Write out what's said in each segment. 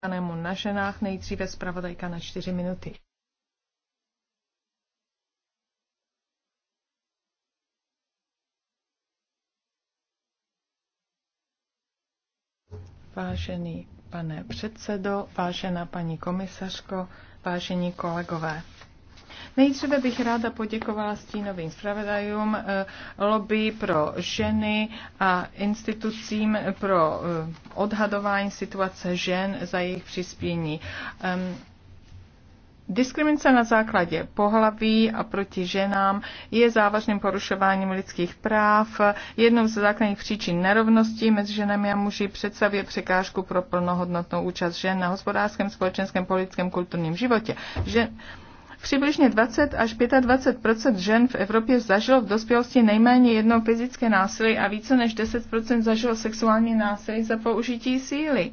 pánému na ženách, nejdříve zpravodajka na čtyři minuty. Vážený pane předsedo, vážená paní komisařko, vážení kolegové. Nejdříve bych ráda poděkovala stínovým zpravodajům, eh, lobby pro ženy a institucím pro eh, odhadování situace žen za jejich přispění. Diskriminace na základě pohlaví a proti ženám je závažným porušováním lidských práv. Jednou ze základních příčin nerovností mezi ženami a muži představuje překážku pro plnohodnotnou účast žen na hospodářském, společenském, politickém, kulturním životě. Žen, Přibližně 20 až 25 žen v Evropě zažilo v dospělosti nejméně jedno fyzické násilí a více než 10 zažilo sexuální násilí za použití síly.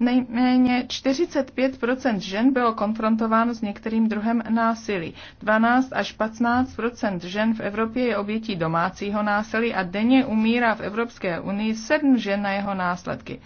Nejméně 45 žen bylo konfrontováno s některým druhem násilí. 12 až 15 žen v Evropě je obětí domácího násilí a denně umírá v Evropské unii 7 žen na jeho následky.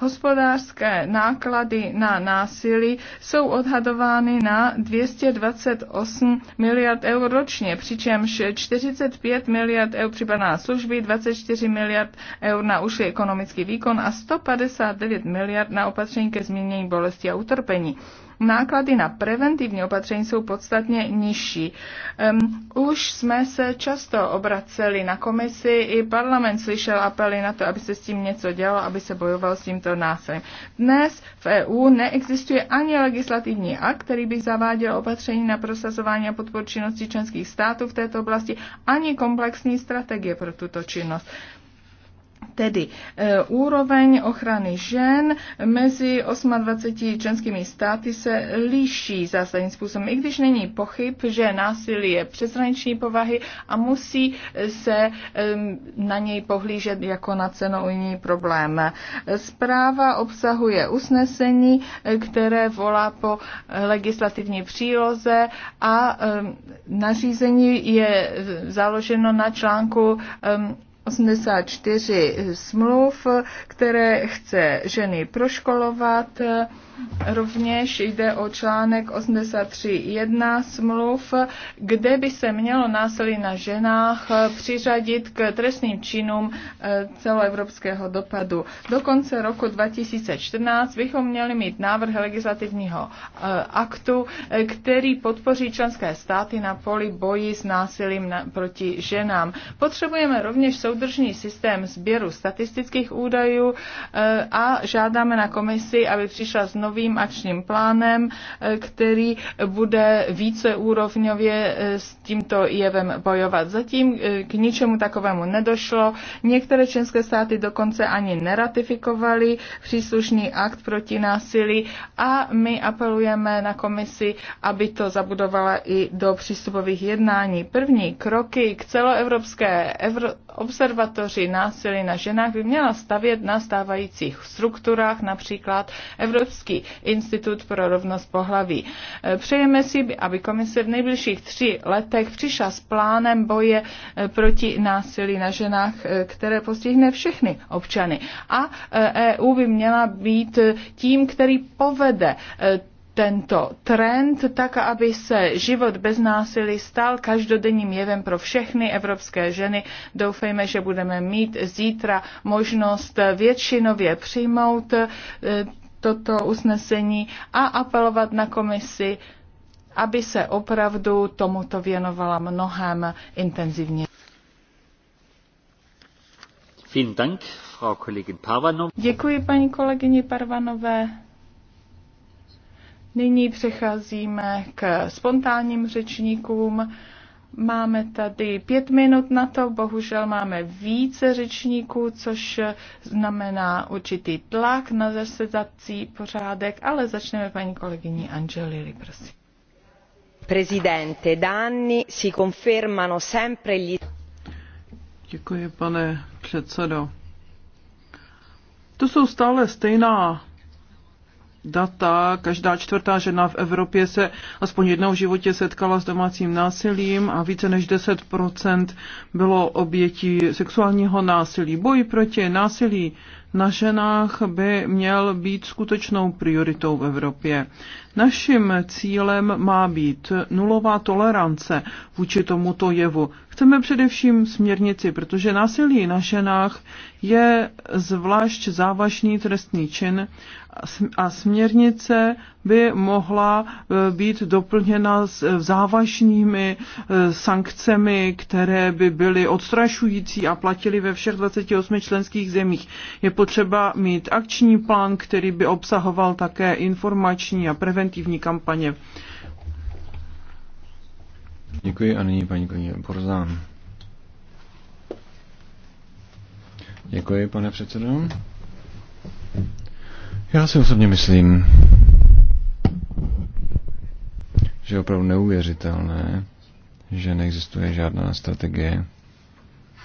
Hospodářské náklady na násilí jsou odhadovány na 228 miliard eur ročně, přičemž 45 miliard eur připadá na služby, 24 miliard eur na ušlý ekonomický výkon a 159 miliard na opatření ke změnění bolesti a utrpení náklady na preventivní opatření jsou podstatně nižší. Um, už jsme se často obraceli na komisi, i parlament slyšel apely na to, aby se s tím něco dělalo, aby se bojoval s tímto násilím. Dnes v EU neexistuje ani legislativní akt, který by zaváděl opatření na prosazování a podporu činnosti členských států v této oblasti, ani komplexní strategie pro tuto činnost. Tedy e, úroveň ochrany žen mezi 28 členskými státy se liší zásadním způsobem, i když není pochyb, že násilí je přeshraniční povahy a musí se e, na něj pohlížet jako na jiný problém. Zpráva obsahuje usnesení, které volá po legislativní příloze a e, nařízení je založeno na článku e, 84 smluv, které chce ženy proškolovat, Rovněž jde o článek 83.1 smluv, kde by se mělo násilí na ženách přiřadit k trestným činům eh, celoevropského dopadu. Do konce roku 2014 bychom měli mít návrh legislativního eh, aktu, eh, který podpoří členské státy na poli boji s násilím na, proti ženám. Potřebujeme rovněž soudržný systém sběru statistických údajů a žádáme na komisi, aby přišla znovu novým akčním plánem, eh, který bude více úrovňově eh, s tímto jevem bojovat. Zatím eh, k ničemu takovému nedošlo. Některé členské státy dokonce ani neratifikovaly příslušný akt proti násilí a my apelujeme na komisi, aby to zabudovala i do přístupových jednání. První kroky k celoevropské Evro- observatoři násilí na ženách by měla stavět na stávajících strukturách, například Evropský institut pro rovnost pohlaví. Eh, přejeme si, aby komise v nejbližších tři letech přišla s plánem boje eh, proti násilí na ženách, eh, které postihne všechny občany. A EU e by měla být tím, který povede tento trend, tak aby se život bez násilí stal každodenním jevem pro všechny evropské ženy. Doufejme, že budeme mít zítra možnost většinově přijmout toto usnesení a apelovat na komisi, aby se opravdu tomuto věnovala mnohem intenzivně. Děkuji paní kolegyni Parvanové. Nyní přecházíme k spontánním řečníkům. Máme tady pět minut na to, bohužel máme více řečníků, což znamená určitý tlak na zasedací pořádek, ale začneme paní kolegyní Angelili, prosím. Prezidente, danni si confermano sempre gli... Děkuji, pane předsedo. To jsou stále stejná data. Každá čtvrtá žena v Evropě se aspoň jednou v životě setkala s domácím násilím a více než 10% bylo obětí sexuálního násilí. Boj proti násilí na ženách by měl být skutečnou prioritou v Evropě. Naším cílem má být nulová tolerance vůči tomuto jevu. Chceme především směrnici, protože násilí na ženách je zvlášť závažný trestný čin a směrnice by mohla eh, být doplněna s eh, závažnými eh, sankcemi, které by byly odstrašující a platily ve všech 28 členských zemích. Je potřeba mít akční plán, který by obsahoval také informační a preventivní kampaně. Děkuji a nyní paní kolegyně Borzán. Děkuji, pane předsedo. Já si osobně myslím, že je opravdu neuvěřitelné, že neexistuje žádná strategie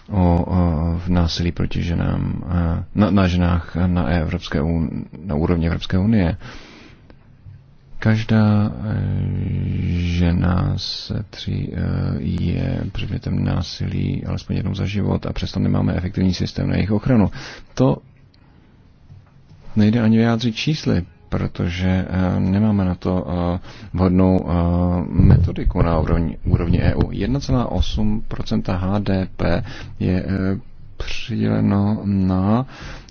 o, o násilí proti ženám, na, na ženách na, Evropské, na úrovni Evropské unie. Každá e, žena se tři e, je předmětem násilí alespoň jednou za život a přesto nemáme efektivní systém na jejich ochranu. To nejde ani vyjádřit čísly, protože eh, nemáme na to eh, vhodnou eh, metodiku na úrovni, úrovni EU. 1,8 HDP je přiděleno na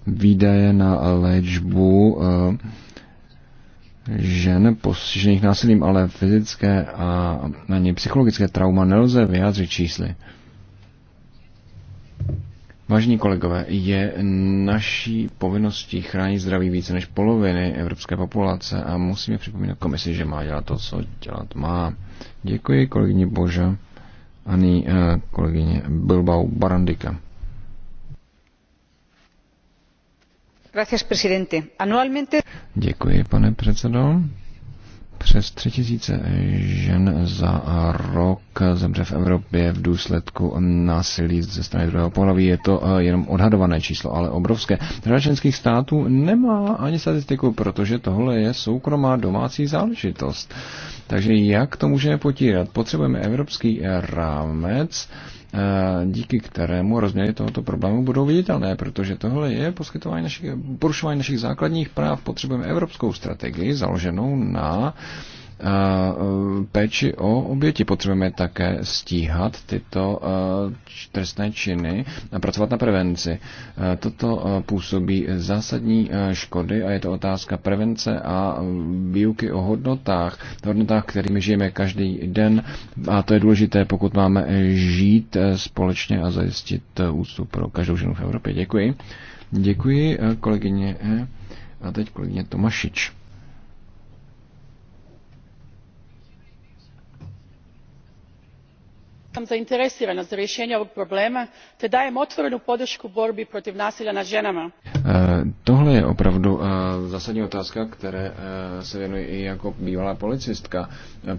výdaje na léčbu žen postižených násilím, ale fyzické a ani psychologické trauma nelze vyjádřit čísly. Vážení kolegové, je naší povinností chránit zdraví více než poloviny evropské populace a musíme připomínat komisi, že má dělat to, co dělat má. Děkuji kolegyni Boža a ní eh, kolegyně Bilbao Barandika. Děkuji, pane předsedo. Přes tři tisíce žen za rok zemře v Evropě v důsledku násilí ze strany druhého pohlaví. Je to eh, jenom odhadované číslo, ale obrovské. Řada členských států nemá ani statistiku, protože tohle je soukromá domácí záležitost. Takže jak to můžeme potírat? Potřebujeme evropský eh, rámec, Eh, díky kterému rozměry tohoto problému budou viditelné, protože tohle je poskytování našich, porušování našich základních práv. Potřebujeme evropskou strategii založenou na uh, Eh, péči o oběti. Potřebujeme také stíhat tyto eh, trestné činy a pracovat na prevenci. Eh, toto působí zásadní škody a je to otázka prevence a výuky o hodnotách, hodnotách, kterými žijeme každý den a to je důležité, pokud máme žít společně a zajistit ústup pro každou ženu v Evropě. Děkuji. Děkuji kolegyně a teď kolegyně Tomašič. zainteresirana za rješenje ovog problema te dajem otvorenu podršku borbi protiv nasilja nad ženama. E, tohle je opravdu e, zásadní otázka, které e, se věnuji i jako bývalá policistka.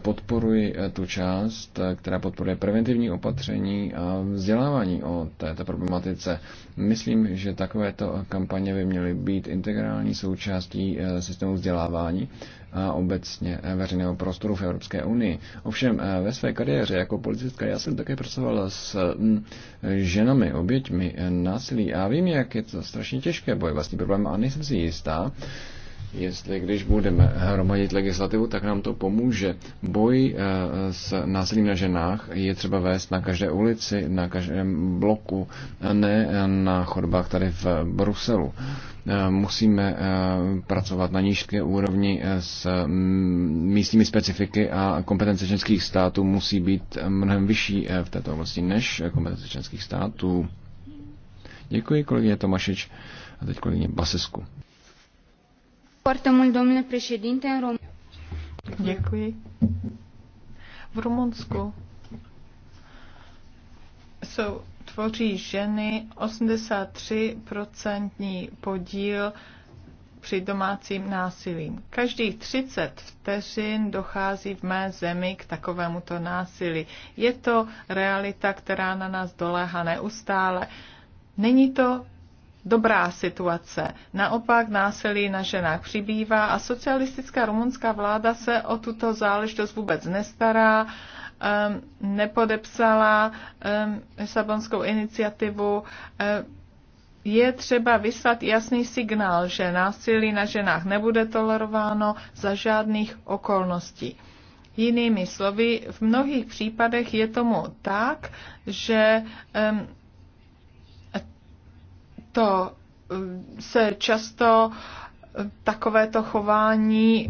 Podporuji tu část, která podporuje preventivní opatření a vzdělávání o této problematice. Myslím, že takovéto kampaně by měly být integrální součástí systému vzdělávání a obecně veřejného prostoru v Evropské unii. Ovšem ve své kariéře jako policistka já jsem také pracovala s mm, ženami, oběťmi násilí a vím, jak je to strašně těžké boj vlastní problém a nejsem si jistá, jestli když budeme hromadit legislativu, tak nám to pomůže. Boj eh, s násilím na ženách je třeba vést na každé ulici, na každém bloku, ne eh, na chodbách tady v Bruselu. Eh, musíme pracovat na nížké úrovni s mm, místními specifiky a kompetence členských států musí být mnohem vyšší v této oblasti než kompetence členských států. Děkuji kolegyně Tomašič a teď kolegyně Basesku. Děkuji. V Rumunsku jsou, tvoří ženy 83% podíl při domácím násilí. Každých 30 vteřin dochází v mé zemi k takovémuto násilí. Je to realita, která na nás doléhá neustále. Není to dobrá situace. Naopak násilí na ženách přibývá a socialistická rumunská vláda se o tuto záležitost vůbec nestará, um, nepodepsala um, iniciativu. Um, je třeba vyslat jasný signál, že násilí na ženách nebude tolerováno za žádných okolností. Jinými slovy, v mnohých případech je tomu tak, že um, to eh, se často eh, takovéto chování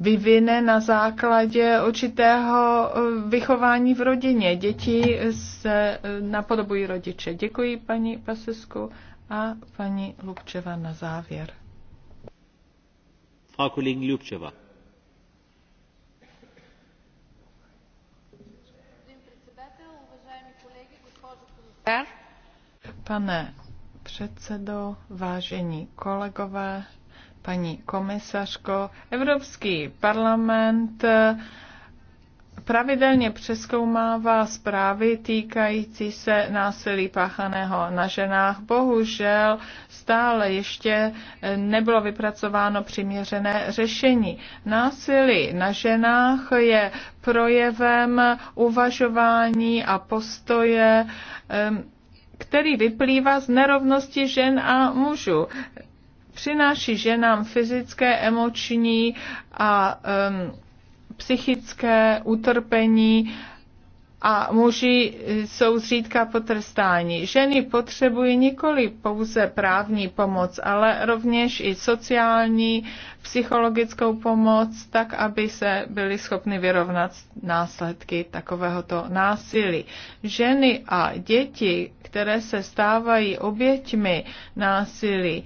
vyvine na základě určitého eh, vychování v rodině. Děti se napodobují rodiče. Děkuji paní Pasesku a paní Lubčeva na závěr. Frau Kollegin Lubčeva. Pane předsedo, vážení kolegové, paní komisařko, Evropský parlament eh, pravidelně přeskoumává zprávy týkající se násilí páchaného na ženách. Bohužel stále ještě eh, nebylo vypracováno přiměřené řešení. Násilí na ženách je projevem uvažování a postoje um, který vyplývá z nerovnosti žen a mužů. Přináší ženám fyzické, emoční a um, psychické utrpení, a muži e, jsou zřídka potrstáni. Ženy potřebují nikoli pouze právní pomoc, ale rovněž i sociální, psychologickou pomoc, tak aby se byly schopny vyrovnat následky takovéhoto násilí. Ženy a děti, které se stávají oběťmi násilí,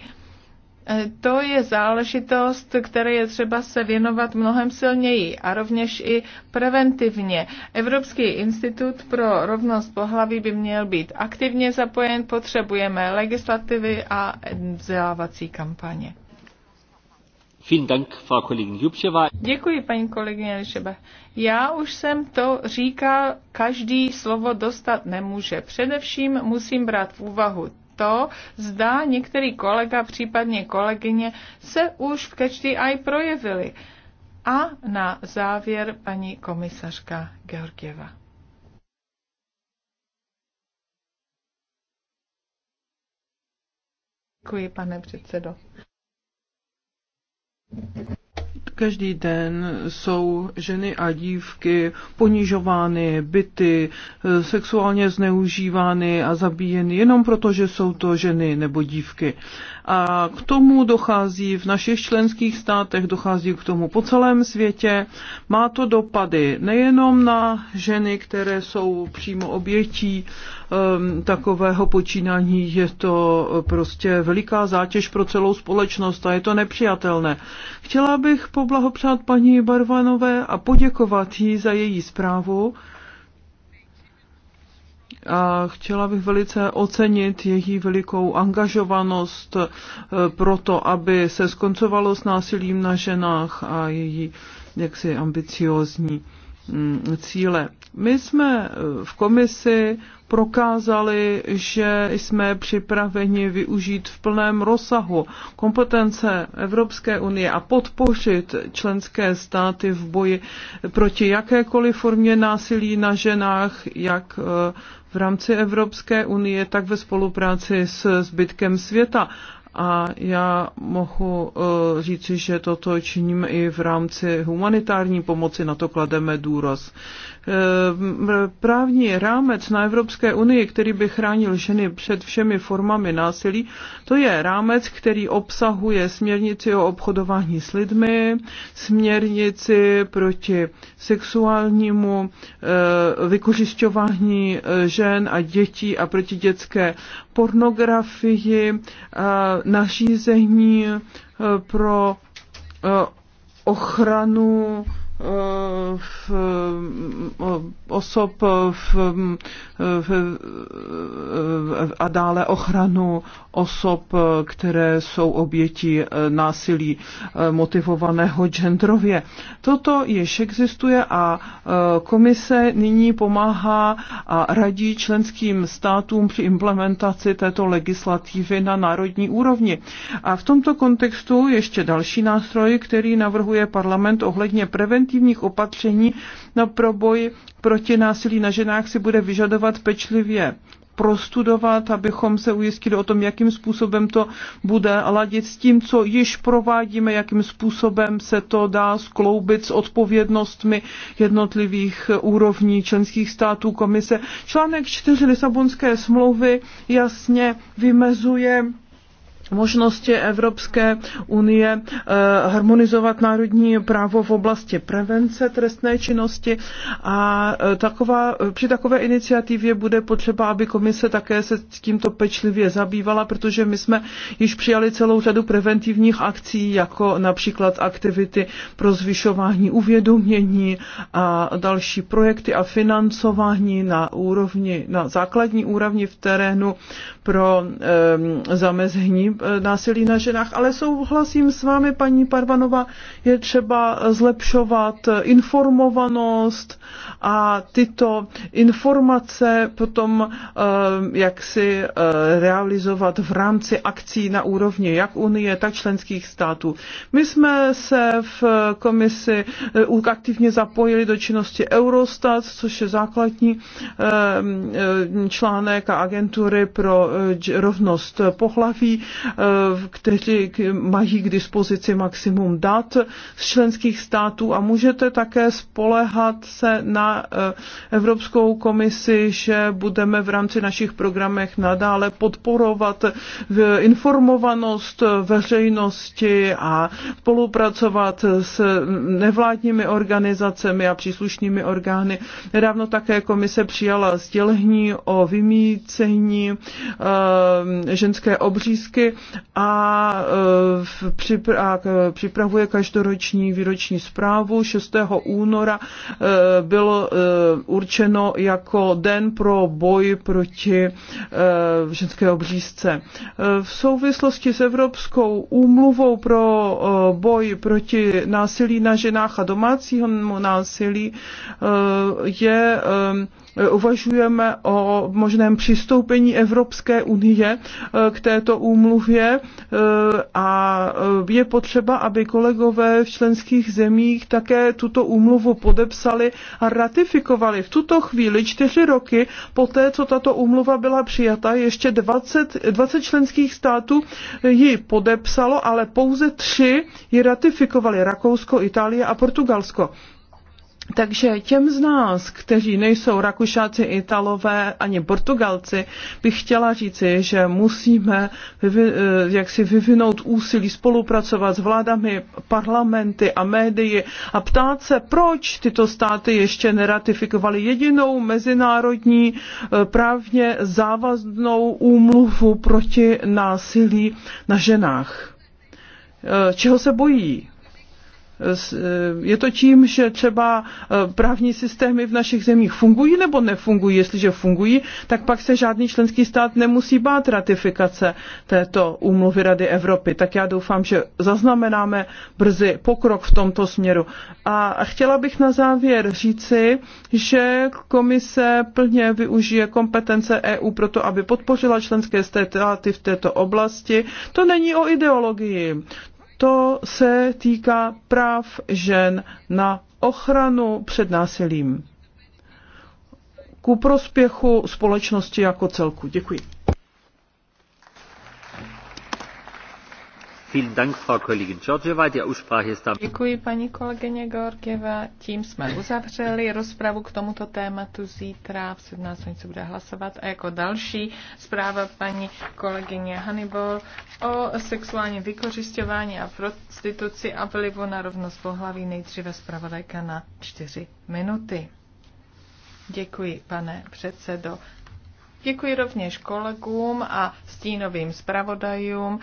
to je záležitost, které je třeba se věnovat mnohem silněji a rovněž i preventivně. Evropský institut pro rovnost pohlaví by měl být aktivně zapojen, potřebujeme legislativy a vzdělávací kampaně. Děkuji, paní kolegyně Lišebe. Já už jsem to říkal, každý slovo dostat nemůže. Především musím brát v úvahu to, zda některý kolega, případně kolegyně, se už v Catch the projevili. A na závěr paní komisařka Georgieva. Děkuji, pane předsedo každý den jsou ženy a dívky ponižovány, byty, sexuálně zneužívány a zabíjeny jenom proto, že jsou to ženy nebo dívky. A k tomu dochází v našich členských státech, dochází k tomu po celém světě. Má to dopady nejenom na ženy, které jsou přímo obětí um, takového počínání, je to prostě veliká zátěž pro celou společnost a je to nepřijatelné. Chtěla bych bych poblahopřát paní Barvanové a poděkovat jí za její zprávu. A chtěla bych velice ocenit její velikou angažovanost eh, pro to, aby se skoncovalo s násilím na ženách a její jaksi ambiciozní mm, cíle. My jsme eh, v komisi prokázali, že jsme připraveni využít v plném rozsahu kompetence Evropské unie a podpořit členské státy v boji proti jakékoliv formě násilí na ženách, jak eh, v rámci Evropské unie, tak ve spolupráci s zbytkem světa. A já mohu eh, říci, že toto činíme i v rámci humanitární pomoci, na to klademe důraz. Eh, právní rámec na Evropské unii, který by chránil ženy před všemi formami násilí, to je rámec, který obsahuje směrnici o obchodování s lidmi, směrnici proti sexuálnímu eh, vykořišťování žen a dětí a proti dětské pornografii, eh, nařízení eh, pro eh, ochranu v, eh, osob v, v, a dále ochranu osob, které jsou oběti eh, násilí eh, motivovaného genderově. Toto již existuje a komise nyní pomáhá a radí členským státům při implementaci této legislativy na národní úrovni. A v tomto kontextu ještě další nástroj, který navrhuje parlament ohledně preventivní preventivních opatření na no proboj proti násilí na ženách si bude vyžadovat pečlivě prostudovat, abychom se ujistili o tom, jakým způsobem to bude ladit s tím, co již provádíme, jakým způsobem se to dá skloubit s odpovědnostmi jednotlivých úrovní členských států komise. Článek 4 Lisabonské smlouvy jasně vymezuje možnosti Evropské unie eh, harmonizovat národní právo v oblasti prevence trestné činnosti a eh, taková, eh, při takové iniciativě bude potřeba, aby komise také se tímto pečlivě zabývala, protože my jsme již přijali celou řadu preventivních akcí, jako například aktivity pro zvyšování uvědomění a další projekty a financování na úrovni, na základní úrovni v terénu pro um, zamezení Eh, násilí na ženách, ale souhlasím s vámi, paní Parvanova, je třeba zlepšovat informovanost a tyto informace potom eh, jak si eh, realizovat v rámci akcí na úrovni jak Unie, tak členských států. My jsme se v komisi aktivně zapojili do činnosti Eurostat, což je základní článek a agentury pro rovnost pohlaví. Eh, kteří mají k dispozici maximum dat z členských států a můžete také spolehat se na eh, Evropskou komisi, že budeme v rámci našich programech nadále podporovat eh, informovanost veřejnosti a spolupracovat s nevládními organizacemi a příslušnými orgány. Nedávno také komise přijala sdělení o vymícení ženské obřízky a, e, připravuje každoroční výroční zprávu. 6. února e, bylo e, určeno jako den pro boj proti ženské obřízce. V souvislosti s Evropskou úmluvou pro boj proti násilí na ženách a domácího násilí je uvažujeme o možném přistoupení Evropské unie eh, k této úmluvě eh, a eh, je potřeba, aby kolegové v členských zemích také tuto úmluvu podepsali a ratifikovali. V tuto chvíli, čtyři roky poté, co tato úmluva byla přijata, ještě 20, 20 členských států ji podepsalo, ale pouze tři ji ratifikovali. Rakousko, Itálie a Portugalsko. Takže těm z nás, kteří nejsou Rakušáci, Italové ani Portugalci, bych chtěla říci, že musíme eh, jak si vyvinout úsilí spolupracovat s vládami, parlamenty a médii a ptát se, proč tyto státy ještě neratifikovaly jedinou mezinárodní eh, právně závaznou úmluvu proti násilí na ženách. Eh, čeho se bojí? Eh, je to tím, že třeba eh, právní systémy v našich zemích fungují nebo nefungují. Jestliže fungují, tak pak se žádný členský stát nemusí bát ratifikace této úmluvy Rady Evropy. Tak já doufám, že zaznamenáme brzy pokrok v tomto směru. A chtěla bych na závěr říci, že komise plně využije kompetence EU pro to, aby podpořila členské státy v této oblasti. To není o ideologii. To se týká práv žen na ochranu před násilím ku prospěchu společnosti jako celku. Děkuji. Děkuji paní kolegyně Georgieva. Tím jsme uzavřeli rozpravu k tomuto tématu. Zítra v 17 se bude hlasovat. A jako další zpráva paní kolegyně Hannibal o sexuálním vykořišťování a prostituci a vlivu na rovnost pohlaví nejdříve zpravodajka na čtyři minuty. Děkuji, pane předsedo. Děkuji rovněž kolegům a stínovým zpravodajům.